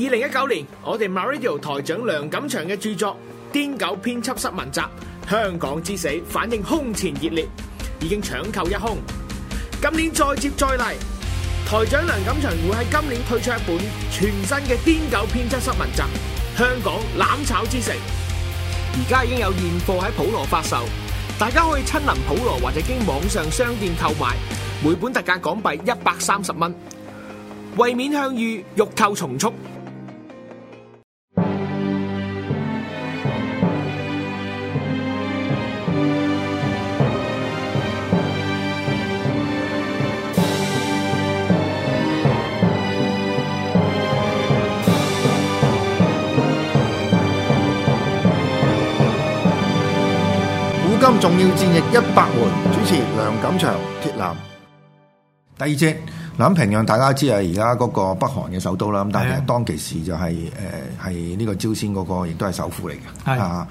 二零一九年，我哋 MyRadio 台長梁錦祥嘅著作《癲狗編輯室文集》香港之死反應空前熱烈，已經搶購一空。今年再接再厲，台長梁錦祥會喺今年推出一本全新嘅《癲狗編輯室文集》香港攬炒之城》，而家已經有現貨喺普羅發售，大家可以親臨普羅或者經網上商店購買，每本特價港幣一百三十蚊，為免向隅欲購從速。重要戰役一百回，主持梁錦祥、鐵男，第二節。諗平壤大家知啊，而家嗰個北韓嘅首都啦，咁但係當其時就係誒係呢個朝鮮嗰個亦都係首府嚟嘅，的啊，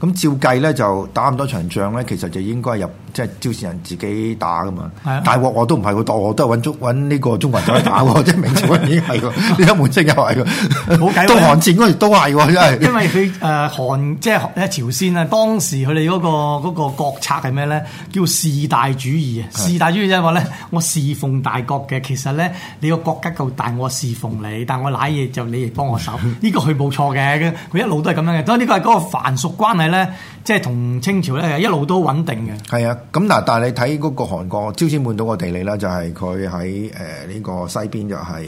咁照計咧就打咁多場仗咧，其實就應該入即係、就是、朝鮮人自己打噶嘛，大鑊的我都唔係個，我都係揾呢個中國人走去打喎， 即係明朝已經係喎，呢家滿清又係喎，冇計喎。到韓戰嗰時都係喎，真係，因為佢誒韓即係朝鮮啊，當時佢哋嗰個嗰、那個那個、國策係咩咧？叫做事大主義啊，事大主義即係話咧， 我侍奉大國嘅。其實咧，你個國家夠大，我侍奉你，但我攋嘢就你亦幫我手，呢、這個佢冇錯嘅，佢一路都係咁樣嘅。所以呢個係嗰個藩屬關係咧，即係同清朝咧一路都穩定嘅。係啊，咁嗱，但係你睇嗰個韓國朝鮮半島嘅地理咧，就係佢喺誒呢個西邊就係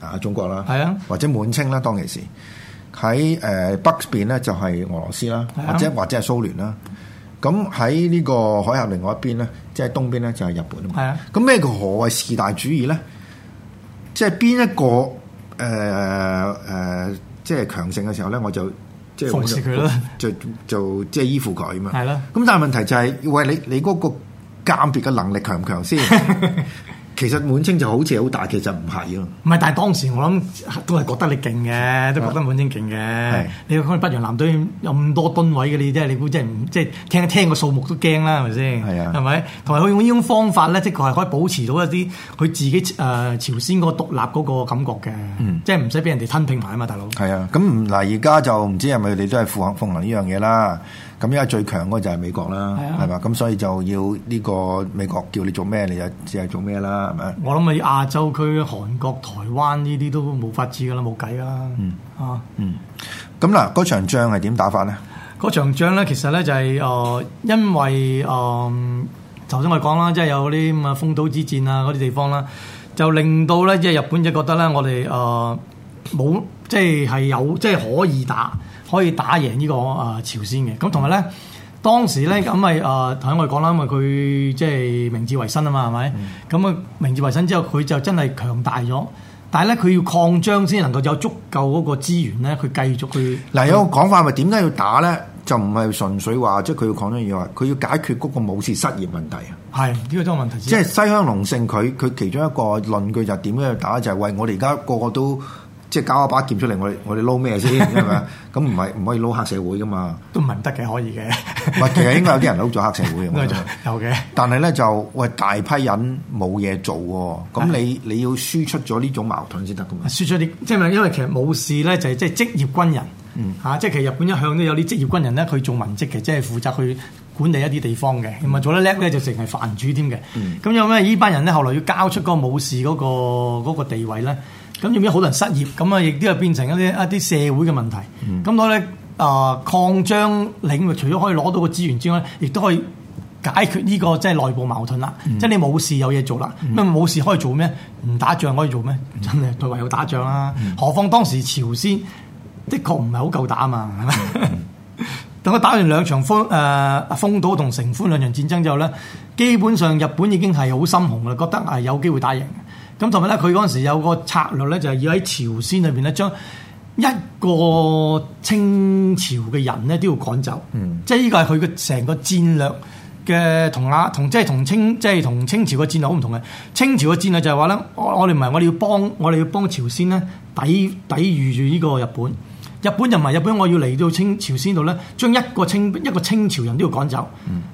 啊中國啦，係啊的，或者滿清啦，當其時喺誒北邊咧就係俄羅斯啦，的或者或者係蘇聯啦。咁喺呢個海峽另外一邊咧。即係東邊咧就係日本啊嘛，咁咩的叫何謂事大主義咧？即係邊一個誒誒、呃呃，即係強盛嘅時候咧，我就即係服侍佢啦，就就即係依附佢啊嘛。係咯的，咁但係問題就係、是、喂，你你嗰個鑑別嘅能力強唔強先？ 其實滿清就好似好大，其實唔係啊。唔係，但係當時我諗都係覺得你勁嘅，都覺得滿清勁嘅。係的你講北洋艦隊有咁多噸位嘅，你真、就、係、是、你估真係即係聽一聽個數目都驚啦，係咪先？係啊的，係咪？同埋佢用呢種方法咧，即係佢係可以保持到一啲佢自己誒、呃、朝鮮嗰個獨立嗰個感覺嘅。嗯、即係唔使俾人哋吞併埋啊嘛，大佬。係啊，咁嗱，而家就唔知係咪你都係俯瞰鳳行呢樣嘢啦。咁而家最強嗰個就係美國啦，係嘛是、啊？咁所以就要呢個美國叫你做咩，你就只係做咩啦，係咪啊？我諗喺亞洲區，韓國、台灣呢啲都冇法治噶啦，冇計啦。嗯啊，嗯。咁嗱、啊，嗰場仗係點打法咧？嗰場仗咧，其實咧就係、是、誒、呃，因為誒，頭、呃、先我講啦，即、就、係、是、有啲咁啊，豐島之戰啊嗰啲地方啦，就令到咧即係日本就係覺得咧，我哋誒冇即係係有即係、就是、可以打。可以打贏呢個啊朝鮮嘅咁，同埋咧當時咧咁咪啊，頭先、呃、我哋講啦，因為佢即係明治維新啊嘛，係咪？咁啊、嗯、明治維新之後，佢就真係強大咗，但係咧佢要擴張先能夠有足夠嗰個資源咧，佢繼續去。嗱、嗯、有個講法咪點解要打咧？就唔係純粹話即係佢要擴張以外，佢要解決嗰個武士失業問題啊。係呢個都係問題。即係西鄉隆盛佢佢其中一個論據樣就係點解要打就係為我哋而家個個都。即係搞一把劍出嚟，我我哋撈咩先？係咪？咁唔係唔可以撈黑社會噶嘛？都唔係唔得嘅，可以嘅。 其實應該有啲人撈咗黑社會嘅。有嘅。 但係咧就，喂，大批人冇嘢做喎、哦。咁 你你要輸出咗呢種矛盾先得噶嘛？輸出啲，即係因為其實武士咧就係、是、即係職業軍人。嗯。啊、即係其實日本一向都有啲職業軍人咧，佢做文職嘅，即係負責去管理一啲地方嘅。咁啊做得叻咧，就成係藩主添嘅。咁因為呢班人咧，後來要交出嗰個武士嗰、那個那個地位咧。咁要唔好多人失業？咁啊，亦都啊變成一啲一啲社會嘅問題。咁我咧啊擴張領域，除咗可以攞到個資源之外，亦都可以解決呢個即係內部矛盾啦。嗯、即係你冇事有嘢做啦。咁冇、嗯、事可以做咩？唔打仗可以做咩？真係為要打仗啦、啊。嗯、何況當時朝鮮的確唔係好夠打嘛，係咪、嗯？等 我打完兩場封誒豐、呃、島同成歡兩場戰爭之後咧，基本上日本已經係好心雄啦，覺得啊有機會打贏。咁同埋咧，佢嗰陣時有個策略咧，就係要喺朝鮮裏邊咧，將一個清朝嘅人咧都要趕走。嗯、即係呢個係佢嘅成個戰略嘅同啊同即係同清即係同清朝嘅戰略好唔同嘅。清朝嘅戰略就係話咧，我哋唔係我哋要幫我哋要幫朝鮮咧抵抵禦住呢個日本。日本就唔係日本，我要嚟到清朝鮮度咧，將一個清一個清朝人都要趕走。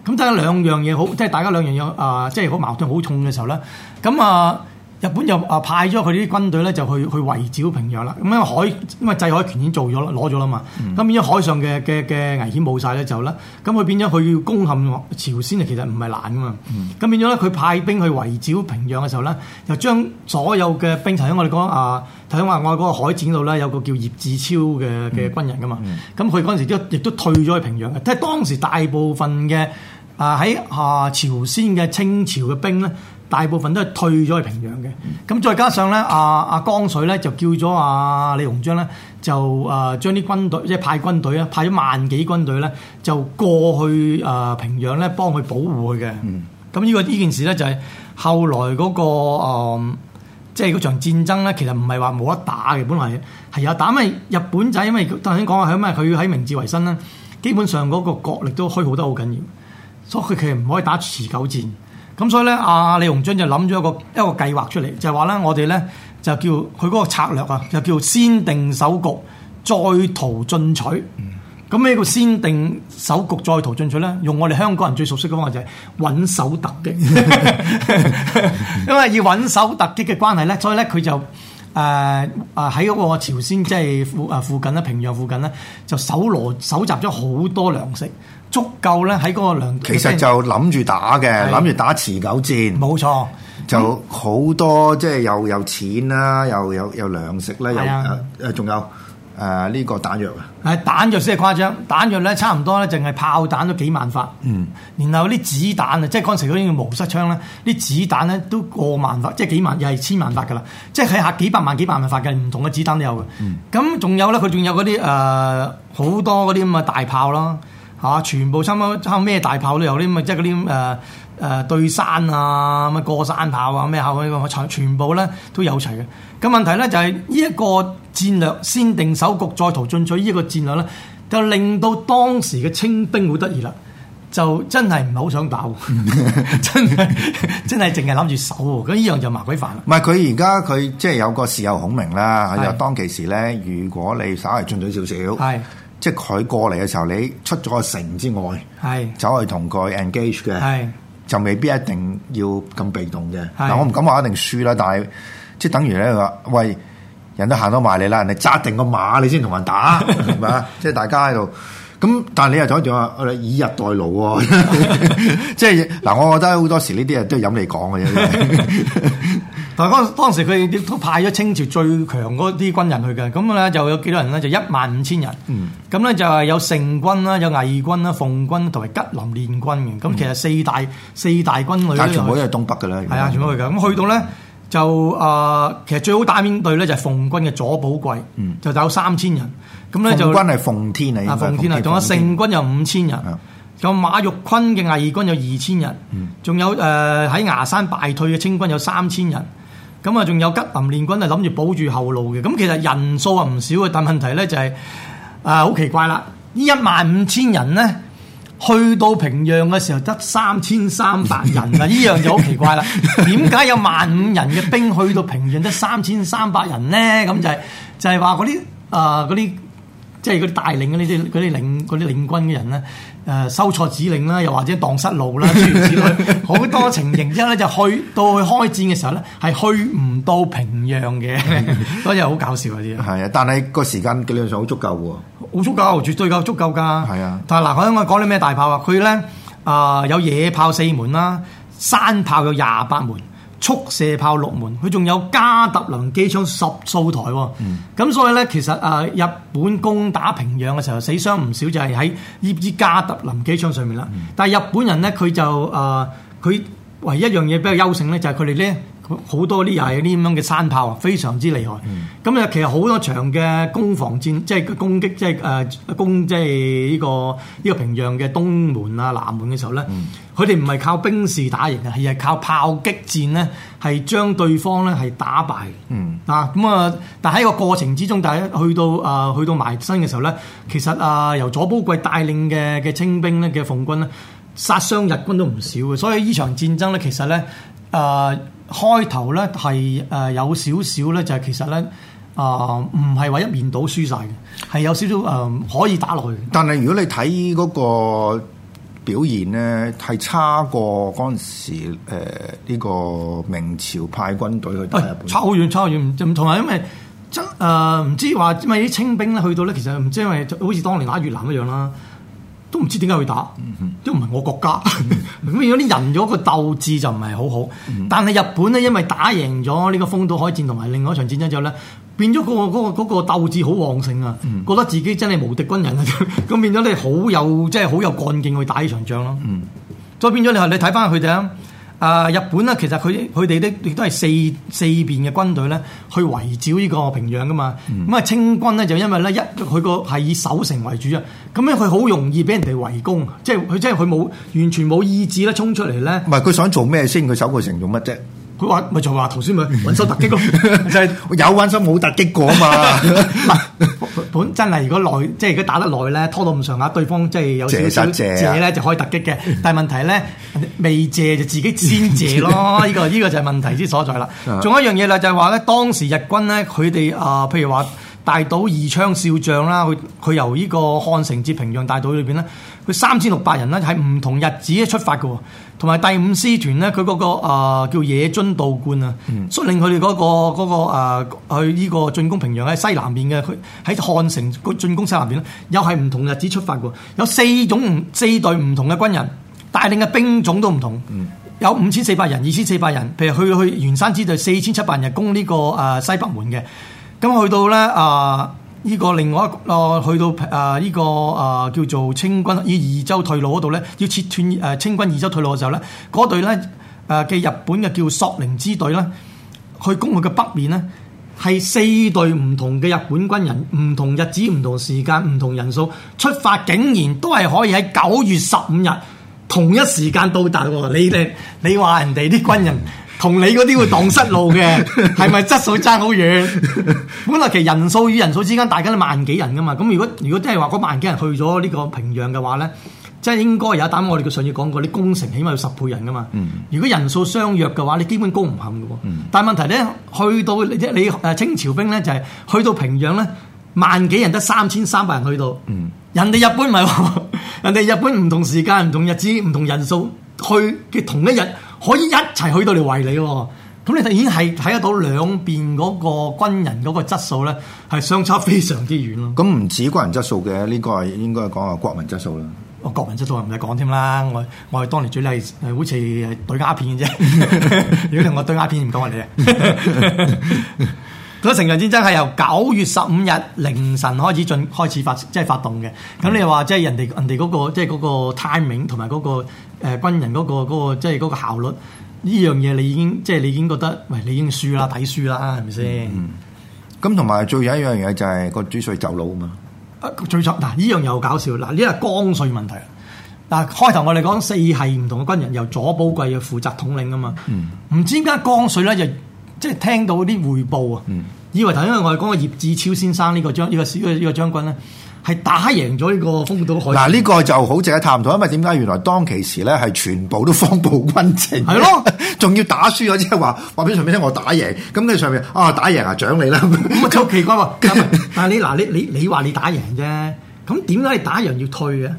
咁但係、嗯、兩樣嘢好，即係大家兩樣嘢啊，即係好矛盾好重嘅時候咧。咁啊～日本又啊派咗佢啲軍隊咧就去去圍剿平壤啦，咁啊海因為制海，海權已經做咗攞咗啦嘛，咁、嗯、變咗海上嘅嘅嘅危險冇晒咧就啦，咁佢變咗佢要攻陷朝鮮其實唔係難噶嘛，咁、嗯、變咗咧佢派兵去圍剿平壤嘅時候咧，就將所有嘅兵，曾經我哋講啊，頭先話我嗰個海戰度咧有個叫葉志超嘅嘅軍人噶嘛，咁佢嗰陣時都亦都退咗去平壤嘅，即係當時大部分嘅啊喺啊朝鮮嘅清朝嘅兵咧。大部分都係退咗去平壤嘅，咁再加上咧，阿、啊、阿江水咧就叫咗阿、啊、李鴻章咧就誒、啊、將啲軍隊，即係派軍隊啊，派咗萬幾軍隊咧就過去誒平壤咧幫佢保護佢嘅。咁呢個呢件事咧就係後來嗰、那個、嗯、即係嗰場戰爭咧，其實唔係話冇得打嘅，本來係有打，因為日本仔因為頭先講啊，佢咩佢喺明治維新啦，基本上嗰個國力都虛耗得好緊要，所以佢其實唔可以打持久戰。咁所以咧，阿李鴻章就諗咗一個一個計劃出嚟，就係話咧，我哋咧就叫佢嗰個策略啊，就叫先定守局，再圖進取。咁呢個先定守局再圖進取咧，用我哋香港人最熟悉嘅方法就係穩守突擊， 因為以穩守突擊嘅關係咧，所以咧佢就。誒啊！喺嗰、uh, 個朝鮮即係附啊附近咧，平壤附近咧，就搜羅搜集咗好多糧食，足夠咧喺嗰個糧其實就諗住打嘅，諗住是的 打，打持久戰。冇錯，就好多、嗯、即係又有，有錢啦，又有有，有糧食咧，又誒仲有。是的 誒、呃這個、呢個彈藥啊！誒彈藥先係誇張，彈藥咧差唔多咧，淨係炮彈都幾萬發。嗯，然後啲子彈啊，即係嗰陣時嗰啲叫毛瑟槍咧，啲子彈咧都過萬發，即係幾萬又係千萬發㗎啦。即係係下幾百萬幾百萬發嘅唔同嘅子彈都有嘅。咁仲、嗯、有咧，佢仲有嗰啲誒好多嗰啲咁嘅大炮囉，嚇、啊！全部差唔多差咩大炮都有啲咁，即係嗰啲誒。呃誒、呃、對山啊，咁啊過山炮啊，咩下嘅，全部咧都有齊嘅。咁問題咧就係呢一個戰略先定守局，再圖進取。呢一個戰略咧，就令到當時嘅清兵好得意啦，就真係唔係好想打 真係真係淨係諗住守喎。咁呢樣就麻鬼煩啦。唔係佢而家佢即係有個事有是的 事後孔明啦，就當其時咧，如果你稍為進取少少，是的 即係佢過嚟嘅時候，你出咗個城之外，走去同佢 engage 嘅。的的就未必一定要咁被動嘅的，但我唔敢話一定輸啦，但係即係等於咧，話喂，人都行到埋嚟啦，人哋紮定個馬你先同人打，係嘛？ 即係大家喺度，咁但係你又講住話以逸待勞， 即係嗱，我覺得好多時呢啲嘢都係飲嚟講嘅啫。 但當當時佢哋都派咗清朝最強嗰啲軍人去嘅，咁咧就有幾多人咧？就一萬五千人。咁咧就係有盛軍啦、有毅軍啦、奉軍同埋吉林練軍嘅。咁其實四大四大軍旅，全部都係東北嘅啦。係啊，全部去嘅。咁去到咧就啊，其實最好打面對咧就係奉軍嘅左寶貴，就有三千人。咁咧就奉軍係奉天嚟。奉天嚟，仲有盛軍有五千人，有馬玉坤嘅毅軍有二千人，仲有誒喺牙山敗退嘅清軍有三千人。咁啊，仲有吉林練軍係諗住保住後路嘅。咁其實人數啊唔少嘅，但問題咧就係啊好奇怪啦！呢一萬五千人咧，去到平壤嘅時候得三千三百人啊！呢 樣就好奇怪啦。點解有萬五人嘅兵去到平壤得三千三百人咧？咁就係、係、就係話啲啊嗰啲。呃即係嗰啲大領嗰啲啲嗰啲領嗰啲領軍嘅人咧，誒、呃、收錯指令啦，又或者蕩失路啦，諸如此類，好 多情形之。之後咧就去到去開戰嘅時候咧，係去唔到平壤嘅，所以好搞笑嗰啲。係啊，但係個時間嘅量上好足夠喎，好足夠，絕對夠，足夠㗎。係啊的，但係嗱，我我講啲咩大炮啊？佢咧啊有野炮四門啦，山炮有廿八門。速射炮六門，佢仲有加特林機槍十數台、哦，咁、嗯、所以呢，其實啊、呃，日本攻打平壤嘅時候死傷唔少，就係喺呢啲加特林機槍上面啦。嗯、但係日本人呢，佢就啊，佢、呃、唯一一樣嘢比較優勝、就是、呢，就係佢哋呢好多啲又係啲咁樣嘅山炮啊，非常之厲害。咁啊、嗯，嗯、其實好多場嘅攻防戰，即、就、係、是、攻擊，即係啊，攻即係呢個呢、這個這個平壤嘅東門啊、南門嘅時候呢。嗯佢哋唔係靠兵士打贏嘅，係係靠炮擊戰咧，係將對方咧係打敗。嗯，啊咁啊，但喺個過程之中，但係去到啊、呃、去到埋身嘅時候呢，其實啊由左寶貴帶領嘅嘅清兵咧嘅奉軍咧，殺傷日軍都唔少嘅。所以呢場戰爭呢，其實呢啊開頭呢係誒有少少呢就係其實呢啊唔係話一面倒輸晒嘅，係有少少誒可以打落去。但係如果你睇嗰個。表現咧係差過嗰陣時，呢、呃這個明朝派軍隊去打日本。喂、哎，差好遠，差好遠，唔唔同啊！因為真、呃、唔知話，因為啲清兵咧去到咧，其實唔知因為好似當年打越南一樣啦。都唔知點解會打，都唔係我國家。咁變咗啲人咗，個鬥志就唔係好好。 但係日本咧，因為打贏咗呢個豐島海戰同埋另外一場戰爭之後咧，變咗、嗰個、嗰個、嗰個、鬥志好旺盛啊！ 覺得自己真係無敵軍人啊，咁 變咗你好有即係好有幹勁去打呢場仗咯。嗯， 所以變咗你係你睇翻佢哋啊。啊！日本咧，其實佢佢哋都亦都係四四邊嘅軍隊咧，去圍剿呢個平壤噶嘛。咁啊，清軍咧就因為咧一佢個係以守城為主啊，咁樣佢好容易俾人哋圍攻，即係佢即係佢冇完全冇意志咧衝出嚟咧。唔係佢想做咩先？佢守個城做乜啫？佢話咪就話頭先咪揾手突擊咯， 就係有揾手冇突擊過啊嘛，唔 本，本真係如果耐即係如果打得耐咧，拖到咁上下，對方即係有少少借咧就可以突擊嘅，但係問題咧未借就自己先借咯，呢、 這個呢、這個就係問題之所在啦。仲 有一樣嘢啦，就係話咧當時日軍咧佢哋啊，譬如話。大島義昌少將啦，佢佢由呢個漢城至平壤大島裏邊咧，佢三千六百人咧，係唔同日子出發嘅喎。同埋第五師團咧，佢嗰、嗰個、呃、叫野津道貫啊，嗯、率領佢哋嗰個嗰、嗰個去呢、呃、個進攻平壤喺西南面嘅，喺漢城個進攻西南面咧，又係唔同日子出發嘅喎。有四種四隊唔同嘅軍人，帶領嘅兵種都唔同，嗯、有五千四百人、二千四百人，譬如去去元山之隊四千七百人攻呢個啊西北門嘅。咁去到咧啊，依、呃這個另外一個去到啊依個啊、呃、叫做清軍以二州退路嗰度咧，要切斷誒清軍二州退路嘅時候咧，嗰隊咧誒嘅日本嘅叫索寧支隊咧，去攻佢嘅北面咧，係四隊唔同嘅日本軍人，唔同日子、唔同時間、唔同人數出發，竟然都係可以喺九月十五日同一時間到達喎！你哋你話人哋啲軍人？同你嗰啲會擋失路嘅，係咪 質素差好遠？ 本來其實人數與人數之間，大家都萬幾人噶嘛。咁如果如果真係話嗰萬幾人去咗呢個平壤嘅話呢，真係應該有。一係我哋嘅上次講過，啲工程起碼要十倍人噶嘛。嗯、如果人數相若嘅話，你基本高唔冚嘅喎。嗯、但係問題呢，去到你清朝兵呢，就係、是、去到平壤呢，萬幾人得三千三百人去到。嗯、人哋日本唔係，人哋日本唔同時間、唔同日子、唔同，同人數去嘅同一日。可以一齊去到嚟圍你，哦，咁你已經係睇得到兩邊嗰個軍人嗰個質素咧，係相差非常之遠咯。咁唔、嗯、止軍人質素嘅、呢、這個係應該係講啊國民質素啦。哦，國民質素唔使講添啦，我我係當年最叻，好似對鴉片嘅啫。 如果同我對鴉片唔同我你啊。 嗰個平壤戰爭係由九月十五日凌晨開始進開始發即係發動嘅。咁的你又話即係人哋人哋、那、嗰個即係嗰 timing 同埋嗰個誒、那個呃、軍人嗰、那個即係嗰效率呢樣嘢，你已經即係、就是、你已經覺得喂，你已經輸啦，睇輸啦，係咪先？嗯。咁同埋仲有一樣嘢就係個主帥走佬啊嘛。啊，最錯嗱，呢樣又搞笑嗱。呢個江水問題嗱、啊，開頭我哋講四係唔同嘅軍人由左寶貴負責統領啊嘛。唔、嗯、知點解江水咧就？即係聽到啲回報啊，嗯、以為頭先我哋講嘅葉志超先生呢個將呢個呢個將軍咧，係打贏咗呢個豐島海。嗱呢、呢個就好值得探討，因為點解原來當其時咧係全部都謊報軍情，係咯，仲要打輸咗之後話話俾上面聽我打贏，咁嘅上面啊打贏啊獎你啦，咁啊好奇怪喎！但係你嗱 你你你話你，你打贏啫。咁點解你打人要退嘅？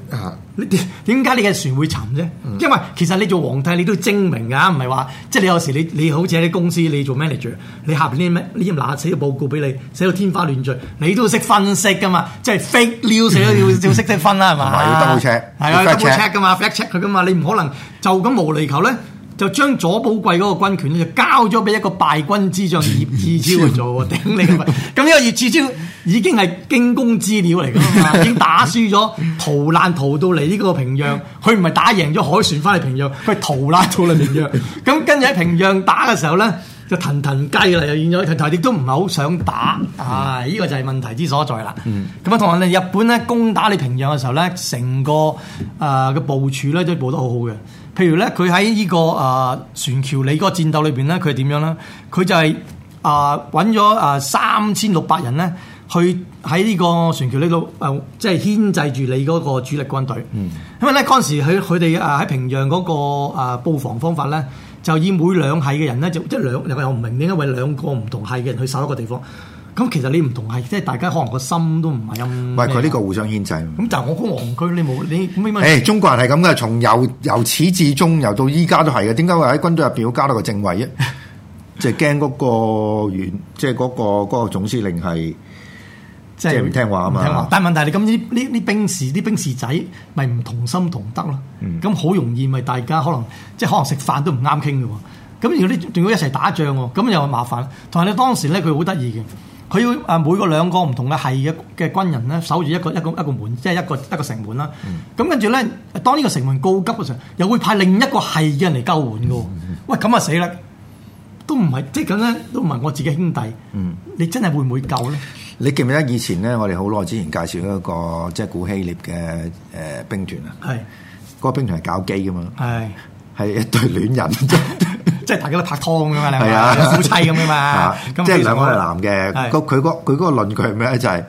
你點解你嘅船會沉啫？因為其實你做皇帝你都要證明噶，唔係話即係你有時你你好似喺公司你做 manager，你下邊啲咩你咁垃圾嘅報告俾你寫到天花亂墜，你都要識分析噶嘛？即係 fake news 寫都、嗯、要、嗯、要識識分啦，係嘛？同埋要 double check，係啊 double check 噶嘛 fact check 佢噶嘛，你唔可能就咁無厘頭咧。就將左寶貴嗰個軍權咧，就交咗俾一個敗軍之將葉志超去做喎，頂你個肺！咁因為葉志超已經係驚弓之鳥嚟嘅，已經打輸咗，逃難逃到嚟呢個平壤，佢唔係打贏咗海船翻嚟平壤，佢係逃難逃嚟平壤。咁跟住喺平壤打嘅時候咧，就騰騰雞啦，又變咗台台，亦都唔係好想打。係、哎、依、這個就係問題之所在啦。咁啊，同埋咧，日本咧攻打你平壤嘅時候咧，成個誒嘅、呃、部署咧都佈得好好嘅。譬如咧、這個，佢喺呢個啊船橋你個戰鬥裏邊咧，佢係點樣咧？佢就係啊揾咗啊三千六百人咧，去喺呢個船橋呢度啊，即係牽制住你嗰個主力軍隊。嗯、因為咧嗰陣時佢佢哋啊喺平壤嗰、那個啊布、呃、防方法咧，就以每兩係嘅人咧，就即、是、兩又我唔明點解為兩個唔同係嘅人去守一個地方。咁其實你唔同係，即係大家可能個心都唔係咁。唔係佢呢個互相牽制。咁但係我講皇居，你冇你。誒、哎，中國人係咁嘅，從由由始至終，由到依家都係嘅。點解會喺軍隊入邊要加多個政委啊？即係驚嗰個員即係嗰個嗰個總司令係即係唔聽話啊嘛。聽話吧，但係問題係你咁啲啲啲兵士啲兵士仔，咪唔同心同德咯。咁好、嗯、容易咪大家可能即係可能食飯都唔啱傾嘅喎。咁如果你仲要一齊打仗喎，咁又麻煩。同埋你當時咧，佢好得意嘅。佢要啊每個兩個唔同嘅係嘅嘅軍人咧，守住一個一個一個門，即係一個一個城門啦。咁跟住咧，當呢個城門告急嘅時候，又會派另一個係嘅人嚟救援嘅。喂，咁啊死啦！都唔係即係咁樣，都唔係我自己兄弟。你真係會唔會救咧？你記唔記得以前咧？我哋好耐之前介紹一個即係古希臘嘅誒兵團啊，係嗰個兵團係搞基㗎嘛，係係一對戀人。即係大家都拍拖噶嘛，你啊，夫妻咁噶嘛？啊、即係兩個人男嘅，佢嗰佢嗰個論據係咩咧？就係、是、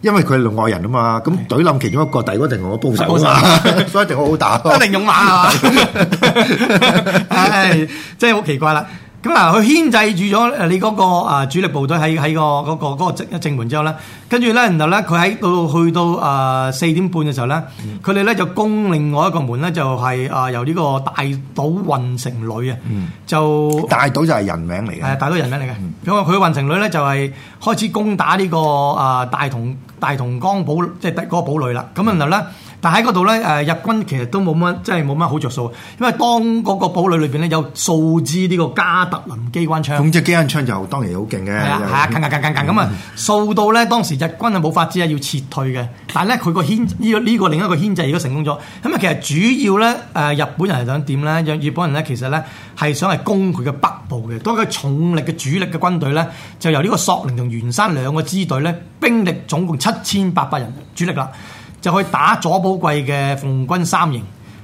因為佢係外人啊嘛，咁懟冧其中一個，第二個一定我幫手，所以一定好好打，一定勇猛啊！唉，真係好奇怪啦～咁啊，佢牽制住咗誒你嗰個主力部隊喺喺個嗰個嗰個正正門之後咧，跟住咧，然後咧，佢喺到去到啊四點半嘅時候咧，佢哋咧就攻另外一個門咧，就係啊由呢個大島混成旅啊，嗯、就大島就係人名嚟嘅，誒大島人名嚟嘅，因為佢混成旅咧就係開始攻打呢、這個啊、呃、大同大同江堡，即係嗰個堡壘啦，咁然後咧。嗯但喺嗰度咧，誒日軍其實都冇乜，即係冇乜好着數，因為當嗰個堡壘裏邊咧有數支呢個加特林機關槍。總之機關槍就當然好勁嘅，係啊錯，咁咁咁咁咁咁啊，掃到咧，當時日軍係冇法子啊，要撤退嘅。但咧佢個牽呢個呢個另一個牽制如果成功咗，咁啊其實主要咧誒日本人係想點咧？日本人咧其實咧係想係攻佢嘅北部嘅，當佢重力嘅主力嘅軍隊咧就由呢個索寧同元山兩個支隊咧，兵力總共七千八百人主力啦。就去打左寶貴嘅奉軍三營，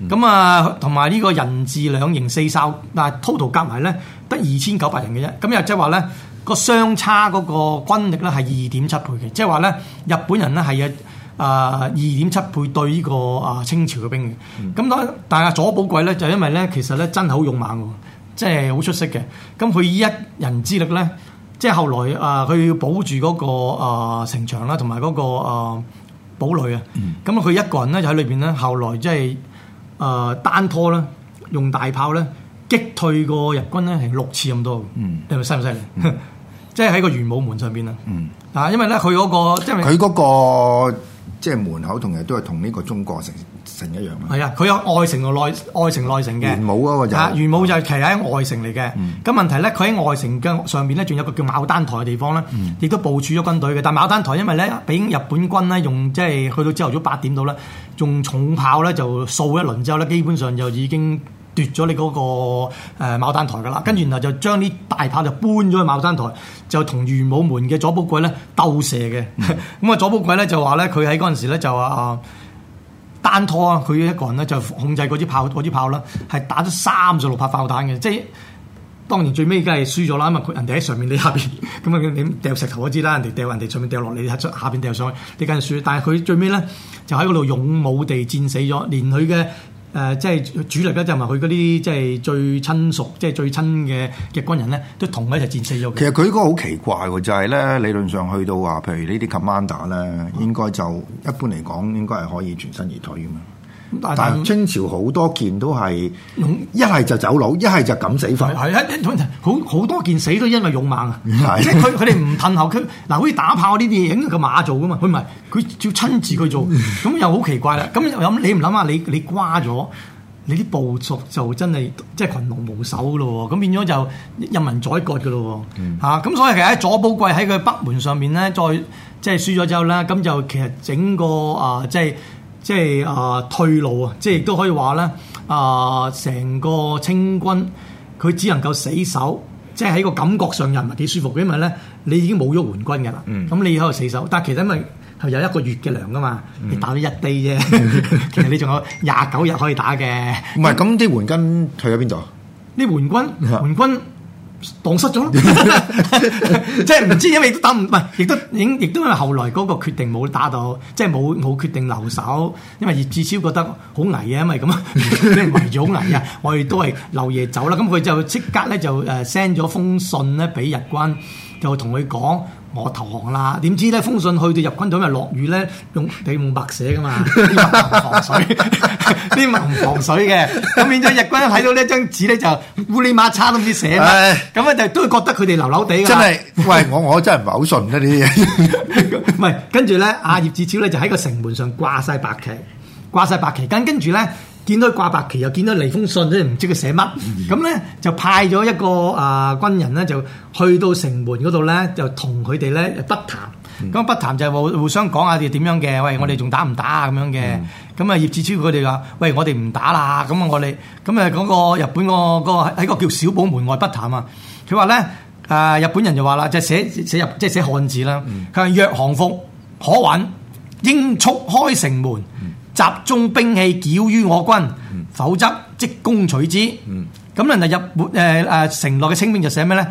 咁啊同埋呢個人字兩營四哨，嗱 total 加埋咧得二千九百人嘅啫。咁又即係話咧，個相差嗰個軍力咧係二點七倍嘅，即係話咧日本人咧係啊啊二點七倍對呢個啊清朝嘅兵嘅。咁、嗯、但係左寶貴咧就因為咧其實咧真係好勇猛，即係好出色嘅。咁佢以一人之力咧，即係後來啊，佢要保住嗰個、呃、城牆啦、呃，同埋嗰個堡壘啊，咁啊佢一個人咧就喺裏邊咧，後來即係誒單拖啦，用大炮咧擊退個日軍咧，成六次咁多，你話犀唔犀利？即係喺個玄武門上邊啦，啊、嗯，因為咧佢嗰個即係佢嗰個即係、就是、門口，同樣都係同呢個中國城城一樣嘛？嗯、啊，佢有外城同內外城內城嘅。元武、就是、啊。個就啊，元武就係騎喺外城嚟嘅。咁、嗯、問題咧，佢喺外城嘅上面咧，仲有個叫牡丹台嘅地方咧，亦、嗯、都部署咗軍隊嘅。但牡丹台因為咧，俾日本軍咧用即係去到朝頭早八點度啦，用重炮咧就掃一輪之後咧，基本上就已經奪咗你嗰個誒牡丹台噶啦。跟住然後就將啲大炮就搬咗去牡丹台，就同元武門嘅左寶貴咧鬥射嘅。咁啊、嗯嗯，左寶貴咧就話咧，佢喺嗰陣時咧就話啊。啊單拖啊！佢一個人咧就控制嗰支炮，嗰支炮啦，係打咗三十六拍炮彈嘅。即係當然最尾梗係輸咗啦，因為佢人哋喺上面，你下邊，咁啊你掉石頭我知啦，人哋掉，人哋上面掉落嚟，下邊掉上去，你梗係輸。但係佢最尾咧就喺嗰度勇武地戰死咗，連佢嘅。誒、呃、即係主力咧，就係咪佢嗰啲即係最親屬，即係最親嘅嘅軍人咧，都同佢一齊戰死咗。其實佢依個好奇怪喎，就係、是、咧理論上去到話，譬如呢啲 commander 咧，應該就、嗯、一般嚟講應該係可以全身而退嘅嘛。但，但清朝好多件都係一係就走佬，一係就敢死犯。係啊，好好多件死都因為勇猛啊！佢佢哋唔褪後，佢嗱，好似打炮呢啲嘢，應該個馬做噶嘛？佢唔係，佢照親自去做，咁又好奇怪啦！咁又咁，你唔諗下你你瓜咗，你啲部屬就真係即係群龍無首咯，咁變咗就任民宰割噶咯，吓咁所以其實喺左寶貴喺佢北門上面咧，再即係輸咗之後啦，咁就其實整個啊，即、呃、係。就是即係啊、呃、退路啊，即係亦都可以話咧啊！成、呃、個清軍佢只能夠死守，即係喺個感覺上又唔係幾舒服嘅。因為咧你已經冇咗援軍嘅啦。咁、嗯、你喺度死守，但係其實因為係有一個月嘅糧噶嘛，你、嗯、打咗一日啫， 其實你仲有廿九日可以打嘅。唔係咁啲援軍去咗邊度？啲援軍援軍。蕩失咗， 即係唔知，因為都打唔，唔係，亦都已經，亦都係後來嗰個決定冇打到，即係冇冇決定留守，因為葉志超覺得好危啊，因為咁啊，咩迷咗好危啊，我哋都係留夜走啦，咁佢就即刻咧就誒 send 咗封信咧俾日軍，就同佢講。我投降啦！點知咧？封信去到入軍隊，咪落雨咧，用地冇白寫噶嘛，啲盲 防水，啲盲防水嘅咁變咗，日軍睇到呢一張紙咧，就烏裏馬叉都唔知寫乜咁啊、哎、就都會覺得佢哋流流地。真係，喂，我我真係唔係好順咧 呢啲嘢。唔係，跟住咧，阿葉志超咧就喺個城門上掛晒白旗，掛晒白旗，咁跟住咧。見到掛白旗，又見到嚟封信，都唔知佢寫乜，咁咧、嗯、就派咗一個啊、呃、軍人咧就去到城門嗰度咧，就同佢哋咧不談。咁、嗯、不談就係互，互相講下點樣嘅，喂，我哋仲打唔打啊？咁樣嘅，咁啊葉志超佢哋話：喂，我哋唔打啦。咁啊我哋，咁啊嗰個日本個個喺個叫小寶門外不談啊。佢話咧，啊、呃、日本人就話啦，就是、寫寫入即係寫漢字啦。佢話若降服，可允，應速開城門。嗯集中兵器繳於我軍，否則即攻取之。咁人哋入面誒誒，城內嘅清兵就寫咩咧？誒、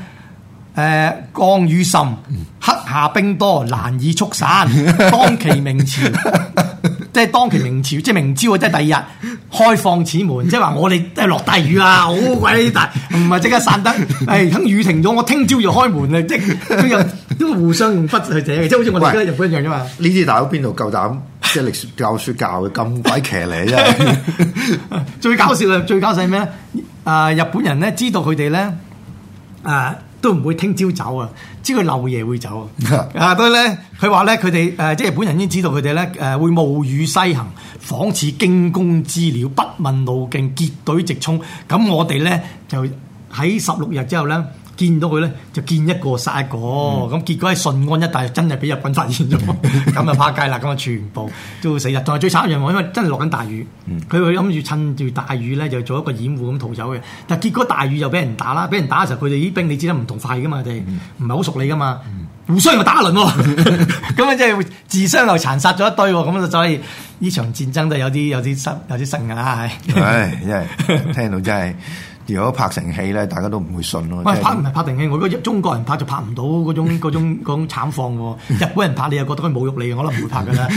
呃，降雨甚，黑下兵多，難以速散。當其明朝，即係當其明朝，即係明朝，即係第二日開放此門，即係話我哋即係落大雨啦、啊， 好鬼大，唔係即刻散得，誒、哎，等雨停咗，我聽朝就開門啊！即、就、係、是、都互相用筆去寫嘅，即、就、係、是、好似我哋而家日本一樣咋嘛？呢啲大佬邊度夠膽？即係歷史教書教嘅咁鬼騎嚟，真係最搞笑啦！最搞笑係咩咧？誒、呃，日本人咧知道佢哋咧，誒、呃、都唔會聽朝走啊，知佢漏夜會走 啊。啊，所以咧佢話咧，佢哋誒，即係日本人已經知道佢哋咧，誒、呃、會冒雨西行，仿似驚弓之鳥，不問路徑，結隊直衝。咁我哋咧就喺十六日之後咧。見到佢咧，就見一個殺一個，咁、嗯、結果喺順安一帶真係俾日本發現咗，咁、嗯、就仆街啦，咁啊全部都死啦。同埋最慘嘅因為真係落緊大雨，佢會諗住趁住大雨咧就做一個掩護咁逃走嘅，但結果大雨又俾人打啦，俾人打嘅時候佢哋啲兵你知得唔同快噶嘛，佢哋唔係好熟你噶嘛，互相又打輪喎，咁啊即係自相又殘殺咗一堆，咁就所以呢場戰爭都有啲有啲有啲神啊，係，係真係聽到真係。 如果拍成戲咧，大家都唔會信咯。是就係、拍唔係拍定戲，我覺得中國人拍就拍唔到嗰種嗰種嗰種慘況喎。 日本人拍你又覺得佢侮辱你，我哋唔會拍㗎啦。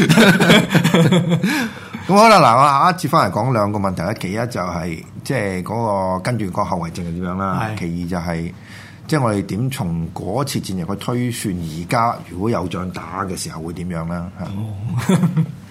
咁好啦，嗱我下一節翻嚟講兩個問題啦。其一就係即係嗰個跟住個後遺症係點樣啦。是其二就係即係我哋點從嗰次戰役去推算，而家如果有仗打嘅時候會點樣啦？哦